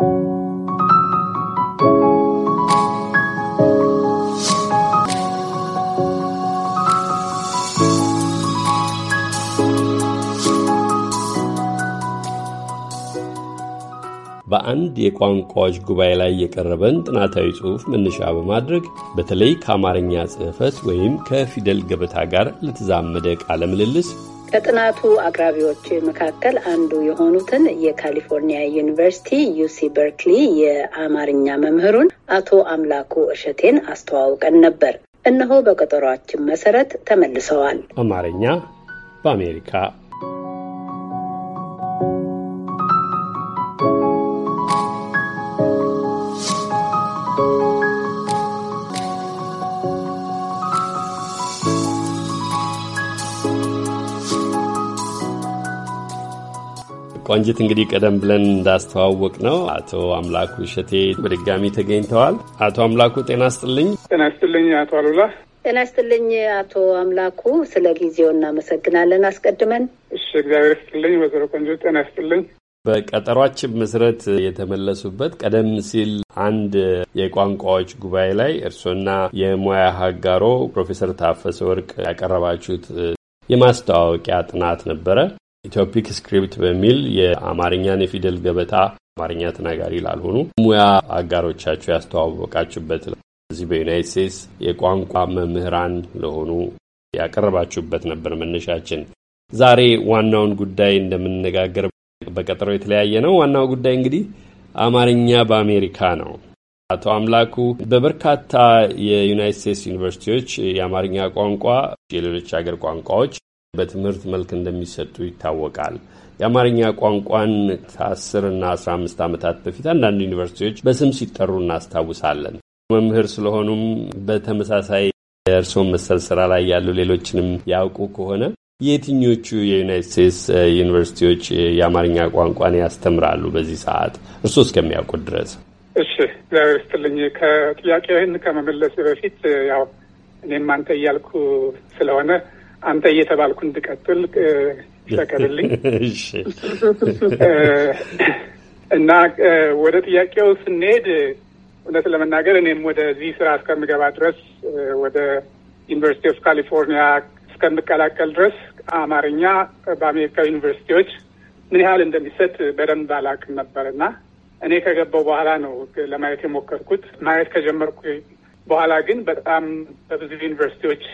በአንድ የቋንቋዎች ጉባኤ ላይ የቀረበን ጥናታዊ ጽሑፍ መነሻ በማድረግ በተለይ ከአማርኛ ጽሕፈት ወይም ከፊደል ገበታ ጋር ለተዛመደ ቃለ ምልልስ ከጥናቱ አቅራቢዎች መካከል አንዱ የሆኑትን የካሊፎርኒያ ዩኒቨርሲቲ ዩሲ በርክሊ የአማርኛ መምህሩን አቶ አምላኩ እሸቴን አስተዋውቀን ነበር። እነሆ በቀጠሯችን መሰረት ተመልሰዋል። አማርኛ በአሜሪካ ቆንጅት እንግዲህ ቀደም ብለን እንዳስተዋወቅ ነው አቶ አምላኩ እሸቴ በድጋሚ ተገኝተዋል። አቶ አምላኩ ጤና ስጥልኝ። ጤና ስጥልኝ አቶ አሉላ። ጤና ስጥልኝ አቶ አምላኩ፣ ስለ ጊዜው እናመሰግናለን አስቀድመን። እሺ እግዚአብሔር ስጥልኝ ወይዘሮ ቆንጆ ጤና ስጥልኝ። በቀጠሯችን መሰረት የተመለሱበት ቀደም ሲል አንድ የቋንቋዎች ጉባኤ ላይ እርሶና የሙያ ሀጋሮ ፕሮፌሰር ታፈሰ ወርቅ ያቀረባችሁት የማስተዋወቂያ ጥናት ነበረ። ኢትዮፒክ ስክሪፕት በሚል የአማርኛን የፊደል ገበታ አማርኛ ተናጋሪ ላልሆኑ ሙያ አጋሮቻችሁ ያስተዋወቃችሁበት እዚህ በዩናይት ስቴትስ የቋንቋ መምህራን ለሆኑ ያቀረባችሁበት ነበር መነሻችን። ዛሬ ዋናውን ጉዳይ እንደምንነጋገር በቀጠሮ የተለያየ ነው። ዋናው ጉዳይ እንግዲህ አማርኛ በአሜሪካ ነው። አቶ አምላኩ በበርካታ የዩናይት ስቴትስ ዩኒቨርሲቲዎች የአማርኛ ቋንቋ የሌሎች ሀገር ቋንቋዎች በትምህርት መልክ እንደሚሰጡ ይታወቃል። የአማርኛ ቋንቋን ከአስር እና አስራ አምስት ዓመታት በፊት አንዳንድ ዩኒቨርሲቲዎች በስም ሲጠሩ እናስታውሳለን። መምህር ስለሆኑም በተመሳሳይ የእርስዎን መሰል ስራ ላይ ያሉ ሌሎችንም ያውቁ ከሆነ የትኞቹ የዩናይት ስቴትስ ዩኒቨርሲቲዎች የአማርኛ ቋንቋን ያስተምራሉ በዚህ ሰዓት እርስዎ እስከሚያውቁት ድረስ? እሺ እግዚአብሔር ይስጥልኝ። ከጥያቄህን ከመመለስ በፊት ያው እኔም አንተ እያልኩ ስለሆነ አንተ እየተባልኩ እንድቀጥል ይፈቀድልኝ እና ወደ ጥያቄው ስንሄድ እውነት ለመናገር እኔም ወደዚህ ስራ እስከምገባ ድረስ ወደ ዩኒቨርሲቲ ኦፍ ካሊፎርኒያ እስከምቀላቀል ድረስ አማርኛ በአሜሪካ ዩኒቨርሲቲዎች ምን ያህል እንደሚሰጥ በደንብ አላውቅም ነበር እና እኔ ከገባው በኋላ ነው ለማየት የሞከርኩት። ማየት ከጀመርኩ በኋላ ግን በጣም በብዙ ዩኒቨርሲቲዎች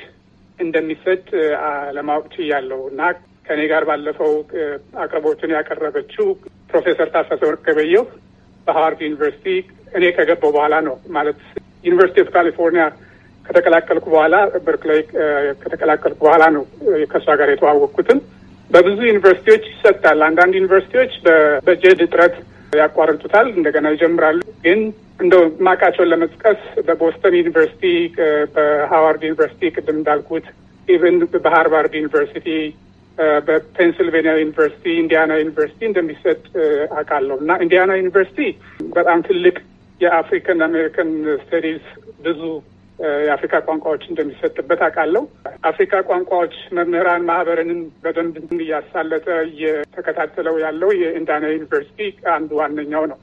እንደሚሰጥ ለማወቅ ችያለሁ እና ከእኔ ጋር ባለፈው አቅርቦትን ያቀረበችው ፕሮፌሰር ታፈሰ ወርቅ ገበየሁ ዩኒቨርሲቲ እኔ ከገባው በኋላ ነው ማለት ዩኒቨርሲቲ ኦፍ ካሊፎርኒያ ከተቀላቀልኩ በኋላ በርክላይ ከተቀላቀልኩ በኋላ ነው ከእሷ ጋር የተዋወቅኩትም። በብዙ ዩኒቨርሲቲዎች ይሰጣል። አንዳንድ ዩኒቨርሲቲዎች በበጀት እጥረት ያቋርጡታል፣ እንደገና ይጀምራሉ። ግን እንደው ማቃቸውን ለመጥቀስ በቦስተን ዩኒቨርሲቲ፣ በሃዋርድ ዩኒቨርሲቲ ቅድም እንዳልኩት ኢቨን በሃርቫርድ ዩኒቨርሲቲ፣ በፔንስልቬኒያ ዩኒቨርሲቲ፣ ኢንዲያና ዩኒቨርሲቲ እንደሚሰጥ አውቃለሁ እና ኢንዲያና ዩኒቨርሲቲ በጣም ትልቅ የአፍሪካን አሜሪካን ስተዲዝ ብዙ የአፍሪካ ቋንቋዎች እንደሚሰጥበት አውቃለሁ። አፍሪካ ቋንቋዎች መምህራን ማህበርንም በደንብ እያሳለጠ እየተከታተለው ያለው የኢንዲያና ዩኒቨርሲቲ አንዱ ዋነኛው ነው።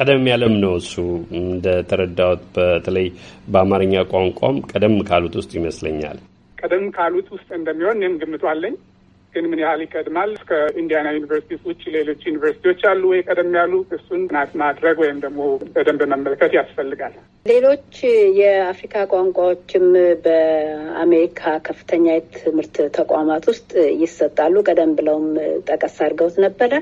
ቀደም ያለም ነው እሱ እንደተረዳሁት፣ በተለይ በአማርኛ ቋንቋም ቀደም ካሉት ውስጥ ይመስለኛል። ቀደም ካሉት ውስጥ እንደሚሆን እኔም ግምቱ አለኝ። ግን ምን ያህል ይቀድማል? ኢንዲያና ዩኒቨርሲቲ ውጭ ሌሎች ዩኒቨርሲቲዎች አሉ ወይ ቀደም ያሉ? እሱን ጥናት ማድረግ ወይም ደግሞ በደንብ መመልከት ያስፈልጋል። ሌሎች የአፍሪካ ቋንቋዎችም በአሜሪካ ከፍተኛ የትምህርት ተቋማት ውስጥ ይሰጣሉ። ቀደም ብለውም ጠቀስ አድርገውት ነበረ።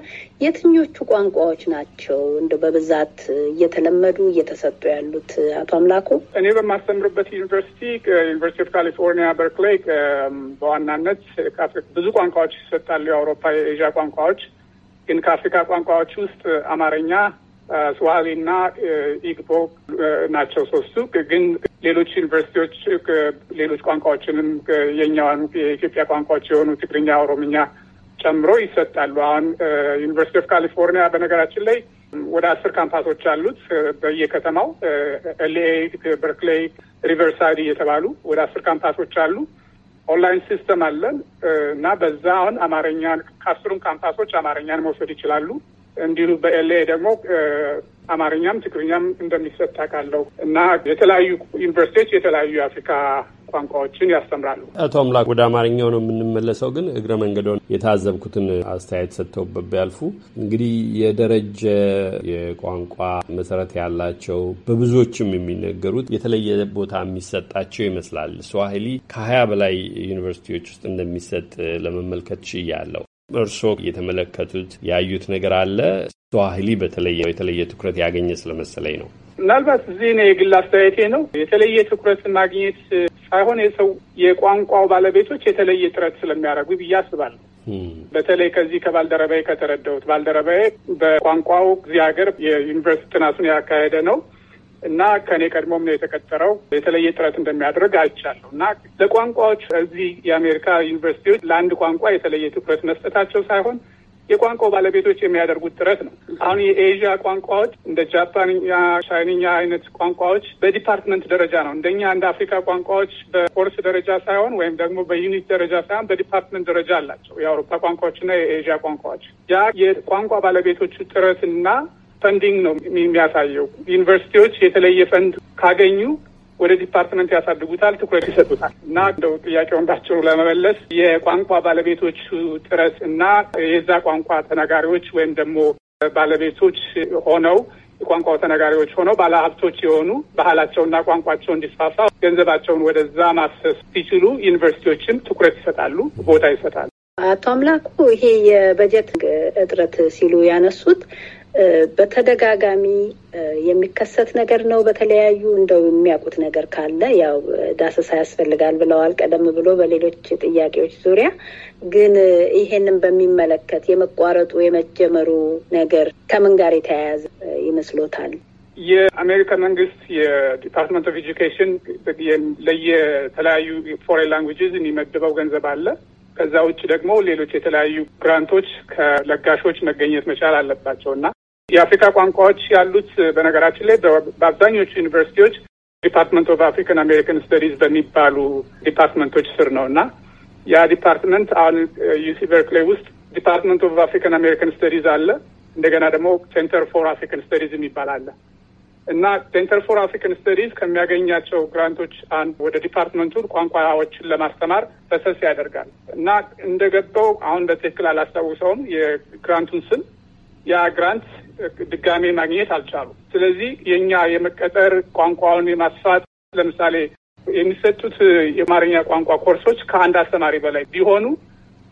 የትኞቹ ቋንቋዎች ናቸው እንደ በብዛት እየተለመዱ እየተሰጡ ያሉት? አቶ አምላኩ፣ እኔ በማስተምርበት ዩኒቨርሲቲ ዩኒቨርሲቲ ኦፍ ካሊፎርኒያ በርክሌይ በዋናነት ብዙ ቋንቋዎች ይሰጣሉ፣ የአውሮፓ የኤዥያ ቋንቋዎች ግን ከአፍሪካ ቋንቋዎች ውስጥ አማርኛ ስዋሂሊ እና ኢግቦ ናቸው ሶስቱ። ግን ሌሎች ዩኒቨርሲቲዎች ሌሎች ቋንቋዎችንም የኛዋን የኢትዮጵያ ቋንቋዎች የሆኑ ትግርኛ፣ ኦሮምኛ ጨምሮ ይሰጣሉ። አሁን ዩኒቨርሲቲ ኦፍ ካሊፎርኒያ በነገራችን ላይ ወደ አስር ካምፓሶች አሉት በየከተማው ኤልኤ፣ በርክሌይ፣ ሪቨርሳይድ እየተባሉ ወደ አስር ካምፓሶች አሉ። ኦንላይን ሲስተም አለን እና በዛ አሁን አማርኛን ከአስሩም ካምፓሶች አማርኛን መውሰድ ይችላሉ። እንዲሁ በኤልኤ ደግሞ አማርኛም ትግርኛም እንደሚሰጥ ታውቃለሁ እና የተለያዩ ዩኒቨርሲቲዎች የተለያዩ የአፍሪካ ቋንቋዎችን ያስተምራሉ። አቶ አምላክ ወደ አማርኛው ነው የምንመለሰው፣ ግን እግረ መንገዶን የታዘብኩትን አስተያየት ሰጥተውበት ቢያልፉ እንግዲህ የደረጀ የቋንቋ መሰረት ያላቸው በብዙዎችም የሚነገሩት የተለየ ቦታ የሚሰጣቸው ይመስላል። ስዋሂሊ ከሀያ በላይ ዩኒቨርሲቲዎች ውስጥ እንደሚሰጥ ለመመልከት ችያለሁ። እርስዎ የተመለከቱት ያዩት ነገር አለ? ስዋሂሊ በተለየ የተለየ ትኩረት ያገኘ ስለመሰለኝ ነው። ምናልባት እዚህ የግል አስተያየቴ ነው። የተለየ ትኩረት ማግኘት ሳይሆን የሰው የቋንቋው ባለቤቶች የተለየ ጥረት ስለሚያደርጉ ብዬ አስባለሁ። hmm. በተለይ ከዚህ ከባልደረባዬ ከተረዳሁት ባልደረባዬ በቋንቋው እዚህ ሀገር የዩኒቨርስቲ ጥናቱን ያካሄደ ነው እና ከኔ ቀድሞም ነው የተቀጠረው። የተለየ ጥረት እንደሚያደርግ አይቻለሁ እና ለቋንቋዎች እዚህ የአሜሪካ ዩኒቨርሲቲዎች ለአንድ ቋንቋ የተለየ ትኩረት መስጠታቸው ሳይሆን የቋንቋው ባለቤቶች የሚያደርጉት ጥረት ነው። አሁን የኤዥያ ቋንቋዎች እንደ ጃፓንኛ፣ ቻይንኛ አይነት ቋንቋዎች በዲፓርትመንት ደረጃ ነው። እንደኛ እንደ አፍሪካ ቋንቋዎች በኮርስ ደረጃ ሳይሆን ወይም ደግሞ በዩኒት ደረጃ ሳይሆን በዲፓርትመንት ደረጃ አላቸው የአውሮፓ ቋንቋዎችና የኤዥያ ቋንቋዎች። ያ የቋንቋ ባለቤቶቹ ጥረትና ፈንዲንግ ነው የሚያሳየው። ዩኒቨርሲቲዎች የተለየ ፈንድ ካገኙ ወደ ዲፓርትመንት ያሳድጉታል፣ ትኩረት ይሰጡታል እና እንደው ጥያቄውን ባጭሩ ለመመለስ የቋንቋ ባለቤቶች ጥረት እና የዛ ቋንቋ ተናጋሪዎች ወይም ደግሞ ባለቤቶች ሆነው የቋንቋው ተነጋሪዎች ሆነው ባለሀብቶች የሆኑ ባህላቸውና ቋንቋቸው እንዲስፋፋ ገንዘባቸውን ወደዛ ማፍሰስ ሲችሉ ዩኒቨርሲቲዎችም ትኩረት ይሰጣሉ፣ ቦታ ይሰጣሉ። አቶ አምላኩ ይሄ የበጀት እጥረት ሲሉ ያነሱት በተደጋጋሚ የሚከሰት ነገር ነው። በተለያዩ እንደው የሚያውቁት ነገር ካለ ያው ዳሰሳ ያስፈልጋል ብለዋል ቀደም ብሎ በሌሎች ጥያቄዎች ዙሪያ ግን ይሄንን በሚመለከት የመቋረጡ የመጀመሩ ነገር ከምን ጋር የተያያዘ ይመስሎታል? የአሜሪካ መንግስት የዲፓርትመንት ኦፍ ኤጁኬሽን ለየተለያዩ ፎሬን ላንጉጅዝ የሚመድበው ገንዘብ አለ። ከዛ ውጭ ደግሞ ሌሎች የተለያዩ ግራንቶች ከለጋሾች መገኘት መቻል አለባቸው እና የአፍሪካ ቋንቋዎች ያሉት በነገራችን ላይ በአብዛኞቹ ዩኒቨርሲቲዎች ዲፓርትመንት ኦፍ አፍሪካን አሜሪካን ስተዲዝ በሚባሉ ዲፓርትመንቶች ስር ነው እና ያ ዲፓርትመንት አሁን ዩሲ uh, በርክሌ ውስጥ ዲፓርትመንት ኦፍ አፍሪካን አሜሪካን ስተዲዝ አለ። እንደገና ደግሞ ሴንተር ፎር አፍሪካን ስተዲዝ የሚባል አለ እና ሴንተር ፎር አፍሪካን ስተዲዝ ከሚያገኛቸው ግራንቶች አንድ ወደ ዲፓርትመንቱ ቋንቋዎችን ለማስተማር ፈሰስ ያደርጋል እና እንደገባው አሁን በትክክል አላስታውሰውም የግራንቱን ስም ያ ግራንት ድጋሜ ማግኘት አልቻሉ ስለዚህ የእኛ የመቀጠር ቋንቋውን የማስፋት ለምሳሌ የሚሰጡት የአማርኛ ቋንቋ ኮርሶች ከአንድ አስተማሪ በላይ ቢሆኑ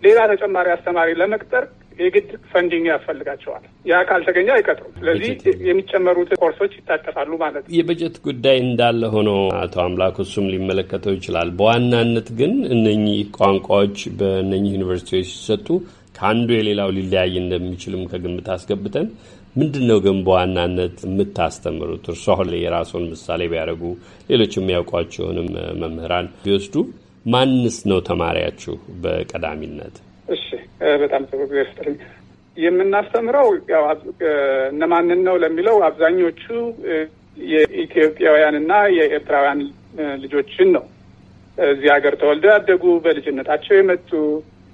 ሌላ ተጨማሪ አስተማሪ ለመቅጠር የግድ ፈንዲንግ ያስፈልጋቸዋል። ያ ካልተገኘ አይቀጥሩም። ስለዚህ የሚጨመሩት ኮርሶች ይታጠፋሉ ማለት ነው። የበጀት ጉዳይ እንዳለ ሆኖ አቶ አምላክ እሱም ሊመለከተው ይችላል። በዋናነት ግን እነኚህ ቋንቋዎች በእነኚህ ዩኒቨርሲቲዎች ሲሰጡ ከአንዱ የሌላው ሊለያይ እንደሚችልም ከግምት አስገብተን ምንድን ነው ግን በዋናነት የምታስተምሩት? እርሱ አሁን ላይ የራስዎን ምሳሌ ቢያደርጉ ሌሎች የሚያውቋቸውንም መምህራን ቢወስዱ ማንስ ነው ተማሪያችሁ በቀዳሚነት? እሺ፣ በጣም ጥሩ ይስጥልኝ። የምናስተምረው ያው እነማንን ነው ለሚለው አብዛኞቹ የኢትዮጵያውያንና የኤርትራውያን ልጆችን ነው። እዚህ ሀገር ተወልደው ያደጉ፣ በልጅነታቸው የመጡ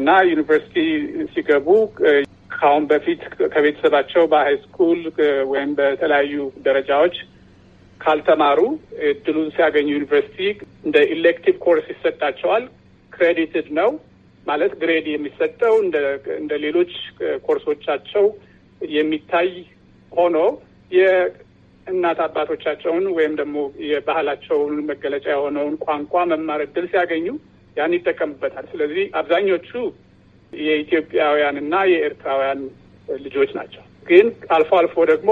እና ዩኒቨርሲቲ ሲገቡ ከአሁን በፊት ከቤተሰባቸው በሀይ ስኩል ወይም በተለያዩ ደረጃዎች ካልተማሩ እድሉን ሲያገኙ ዩኒቨርሲቲ እንደ ኢሌክቲቭ ኮርስ ይሰጣቸዋል። ክሬዲትድ ነው ማለት ግሬድ የሚሰጠው እንደ ሌሎች ኮርሶቻቸው የሚታይ ሆኖ የእናት አባቶቻቸውን ወይም ደግሞ የባህላቸውን መገለጫ የሆነውን ቋንቋ መማር እድል ሲያገኙ ያን ይጠቀምበታል። ስለዚህ አብዛኞቹ የኢትዮጵያውያን እና የኤርትራውያን ልጆች ናቸው። ግን አልፎ አልፎ ደግሞ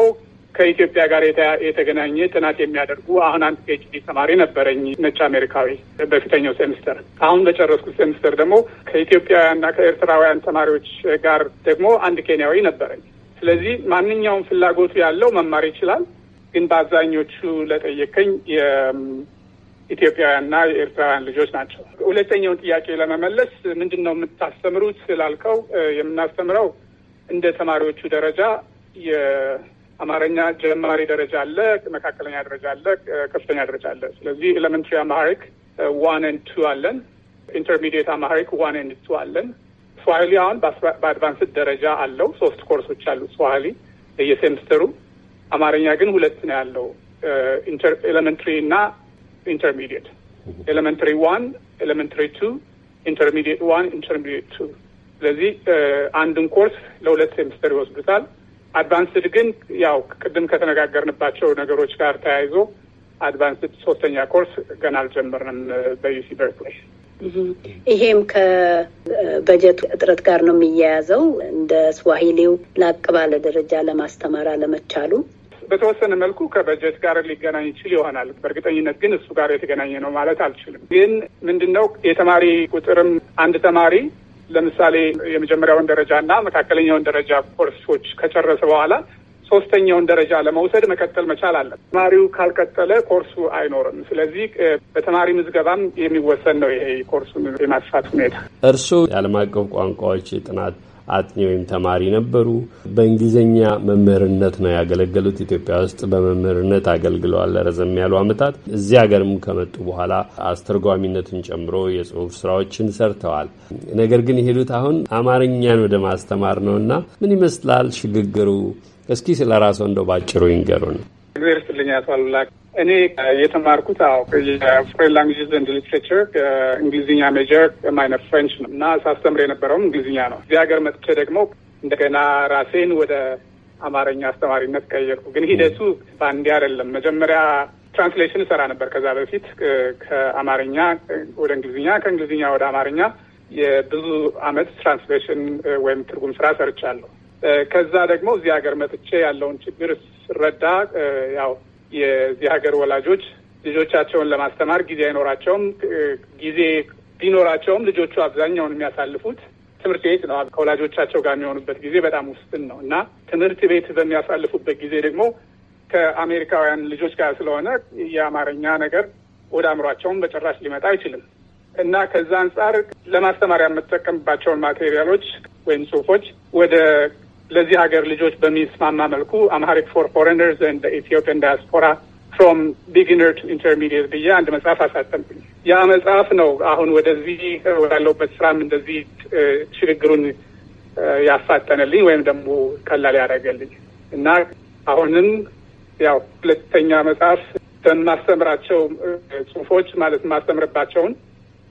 ከኢትዮጵያ ጋር የተገናኘ ጥናት የሚያደርጉ አሁን አንድ ፒኤችዲ ተማሪ ነበረኝ፣ ነጭ አሜሪካዊ በፊተኛው ሴሚስተር። አሁን በጨረስኩት ሴሚስተር ደግሞ ከኢትዮጵያውያንና ከኤርትራውያን ተማሪዎች ጋር ደግሞ አንድ ኬንያዊ ነበረኝ። ስለዚህ ማንኛውም ፍላጎቱ ያለው መማር ይችላል። ግን በአብዛኞቹ ለጠየቀኝ ኢትዮጵያውያንና የኤርትራውያን ልጆች ናቸው። ሁለተኛውን ጥያቄ ለመመለስ ምንድን ነው የምታስተምሩት ስላልከው የምናስተምረው እንደ ተማሪዎቹ ደረጃ የአማርኛ ጀማሪ ደረጃ አለ፣ መካከለኛ ደረጃ አለ፣ ከፍተኛ ደረጃ አለ። ስለዚህ ኤሌመንትሪ አማሪክ ዋን ኤንድ ቱ አለን። ኢንተርሚዲየት አማሪክ ዋን ኤንድ ቱ አለን። ስዋሂሊ አሁን በአድቫንስድ ደረጃ አለው። ሶስት ኮርሶች አሉ ስዋሂሊ የሴምስተሩ። አማርኛ ግን ሁለት ነው ያለው ኢለመንትሪ እና ኢንተርሚዲየት ኤሌመንተሪ ዋን ኤሌመንተሪ ቱ ኢንተርሚዲየት ዋን ኢንተርሚዲየት ቱ። ስለዚህ አንድን ኮርስ ለሁለት ሴምስተር ይወስዱታል። አድቫንስድ ግን ያው ቅድም ከተነጋገርንባቸው ነገሮች ጋር ተያይዞ አድቫንስድ ሶስተኛ ኮርስ ገና አልጀመርንም በዩሲ በርክሌይ። ይሄም ከበጀት እጥረት ጋር ነው የሚያያዘው። እንደ ስዋሂሌው ላቅ ባለ ደረጃ ለማስተማር አለመቻሉ በተወሰነ መልኩ ከበጀት ጋር ሊገናኝ ይችል ይሆናል። በእርግጠኝነት ግን እሱ ጋር የተገናኘ ነው ማለት አልችልም። ግን ምንድነው የተማሪ ቁጥርም አንድ ተማሪ ለምሳሌ የመጀመሪያውን ደረጃ እና መካከለኛውን ደረጃ ኮርሶች ከጨረሰ በኋላ ሶስተኛውን ደረጃ ለመውሰድ መቀጠል መቻል አለ። ተማሪው ካልቀጠለ ኮርሱ አይኖርም። ስለዚህ በተማሪ ምዝገባም የሚወሰን ነው ይሄ ኮርሱን የማስፋት ሁኔታ። እርሱ የዓለም አቀፍ ቋንቋዎች ጥናት አጥኚ ወይም ተማሪ ነበሩ። በእንግሊዝኛ መምህርነት ነው ያገለገሉት። ኢትዮጵያ ውስጥ በመምህርነት አገልግለዋል ለረዘም ያሉ ዓመታት። እዚህ ሀገርም ከመጡ በኋላ አስተርጓሚነትን ጨምሮ የጽሁፍ ስራዎችን ሰርተዋል። ነገር ግን የሄዱት አሁን አማርኛን ወደ ማስተማር ነው እና ምን ይመስላል ሽግግሩ? እስኪ ስለ ራስዎ እንደው ባጭሩ ይንገሩን። እግዚአብሔር ይስጥልኝ አቶ አሉላ እኔ የተማርኩት ው የፎሬን ላንጉጅ ንድ ሊትሬቸር እንግሊዝኛ ሜጀር ማይነ ፍሬንች ነው እና ሳስተምር የነበረውም እንግሊዝኛ ነው። እዚህ ሀገር መጥቼ ደግሞ እንደገና ራሴን ወደ አማርኛ አስተማሪነት ቀየርኩ። ግን ሂደቱ በአንዴ አይደለም። መጀመሪያ ትራንስሌሽን እሰራ ነበር ከዛ በፊት ከአማርኛ ወደ እንግሊዝኛ፣ ከእንግሊዝኛ ወደ አማርኛ የብዙ አመት ትራንስሌሽን ወይም ትርጉም ስራ ሰርቻለሁ። ከዛ ደግሞ እዚህ ሀገር መጥቼ ያለውን ችግር ስረዳ ያው የዚህ ሀገር ወላጆች ልጆቻቸውን ለማስተማር ጊዜ አይኖራቸውም። ጊዜ ቢኖራቸውም ልጆቹ አብዛኛውን የሚያሳልፉት ትምህርት ቤት ነው። ከወላጆቻቸው ጋር የሚሆኑበት ጊዜ በጣም ውስን ነው እና ትምህርት ቤት በሚያሳልፉበት ጊዜ ደግሞ ከአሜሪካውያን ልጆች ጋር ስለሆነ የአማርኛ ነገር ወደ አእምሯቸውም በጭራሽ ሊመጣ አይችልም እና ከዛ አንጻር ለማስተማሪያ የምትጠቀምባቸውን ማቴሪያሎች ወይም ጽሁፎች ወደ ለዚህ ሀገር ልጆች በሚስማማ መልኩ አምሃሪክ ፎር ፎሬነርስ እንደ ኢትዮጵያን ዳያስፖራ ፍሮም ቢግነር ቱ ኢንተርሚዲየት ብዬ አንድ መጽሐፍ አሳተምኩኝ። ያ መጽሐፍ ነው አሁን ወደዚህ ወዳለሁበት ስራም እንደዚህ ሽግግሩን ያፋጠነልኝ ወይም ደግሞ ቀላል ያደረገልኝ እና አሁንም ያው ሁለተኛ መጽሐፍ በማስተምራቸው ጽሁፎች ማለት ማስተምርባቸውን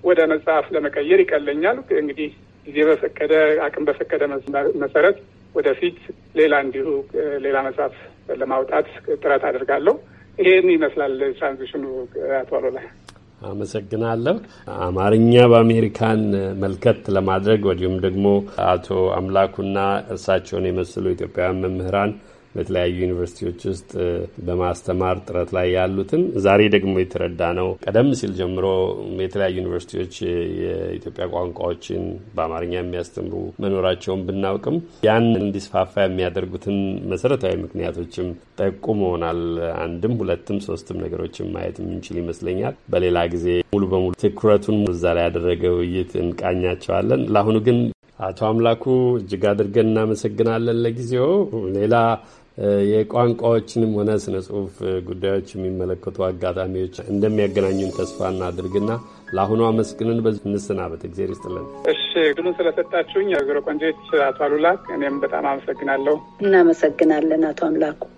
ወደ መጽሐፍ ለመቀየር ይቀለኛል። እንግዲህ ጊዜ በፈቀደ አቅም በፈቀደ መሰረት ወደፊት ሌላ እንዲሁ ሌላ መጽሐፍ ለማውጣት ጥረት አድርጋለሁ። ይህን ይመስላል ትራንዚሽኑ። አቶ አሉላ አመሰግናለሁ። አማርኛ በአሜሪካን መልከት ለማድረግ ወዲሁም ደግሞ አቶ አምላኩና እርሳቸውን የመሰሉ ኢትዮጵያውያን መምህራን በተለያዩ ዩኒቨርሲቲዎች ውስጥ በማስተማር ጥረት ላይ ያሉትን ዛሬ ደግሞ የተረዳ ነው። ቀደም ሲል ጀምሮ የተለያዩ ዩኒቨርሲቲዎች የኢትዮጵያ ቋንቋዎችን በአማርኛ የሚያስተምሩ መኖራቸውን ብናውቅም ያን እንዲስፋፋ የሚያደርጉትን መሰረታዊ ምክንያቶችም ሆናል። አንድም ሁለትም ሶስትም ነገሮችን ማየት የምንችል ይመስለኛል። በሌላ ጊዜ ሙሉ በሙሉ ትኩረቱን እዛ ላይ ያደረገ ውይይት እንቃኛቸዋለን። ለአሁኑ ግን አቶ አምላኩ እጅግ አድርገን እናመሰግናለን። ለጊዜው ሌላ የቋንቋዎችንም ሆነ ስነ ጽሁፍ ጉዳዮች የሚመለከቱ አጋጣሚዎች እንደሚያገናኙን ተስፋ እናድርግና ለአሁኑ አመስግንን በዚህ እንሰናበት። እግዚአብሔር ይስጥልን። እሺ ግሉን ስለሰጣችሁኝ እግረ ቆንጆች አቶ አሉላክ እኔም በጣም አመሰግናለሁ። እናመሰግናለን አቶ አምላኩ።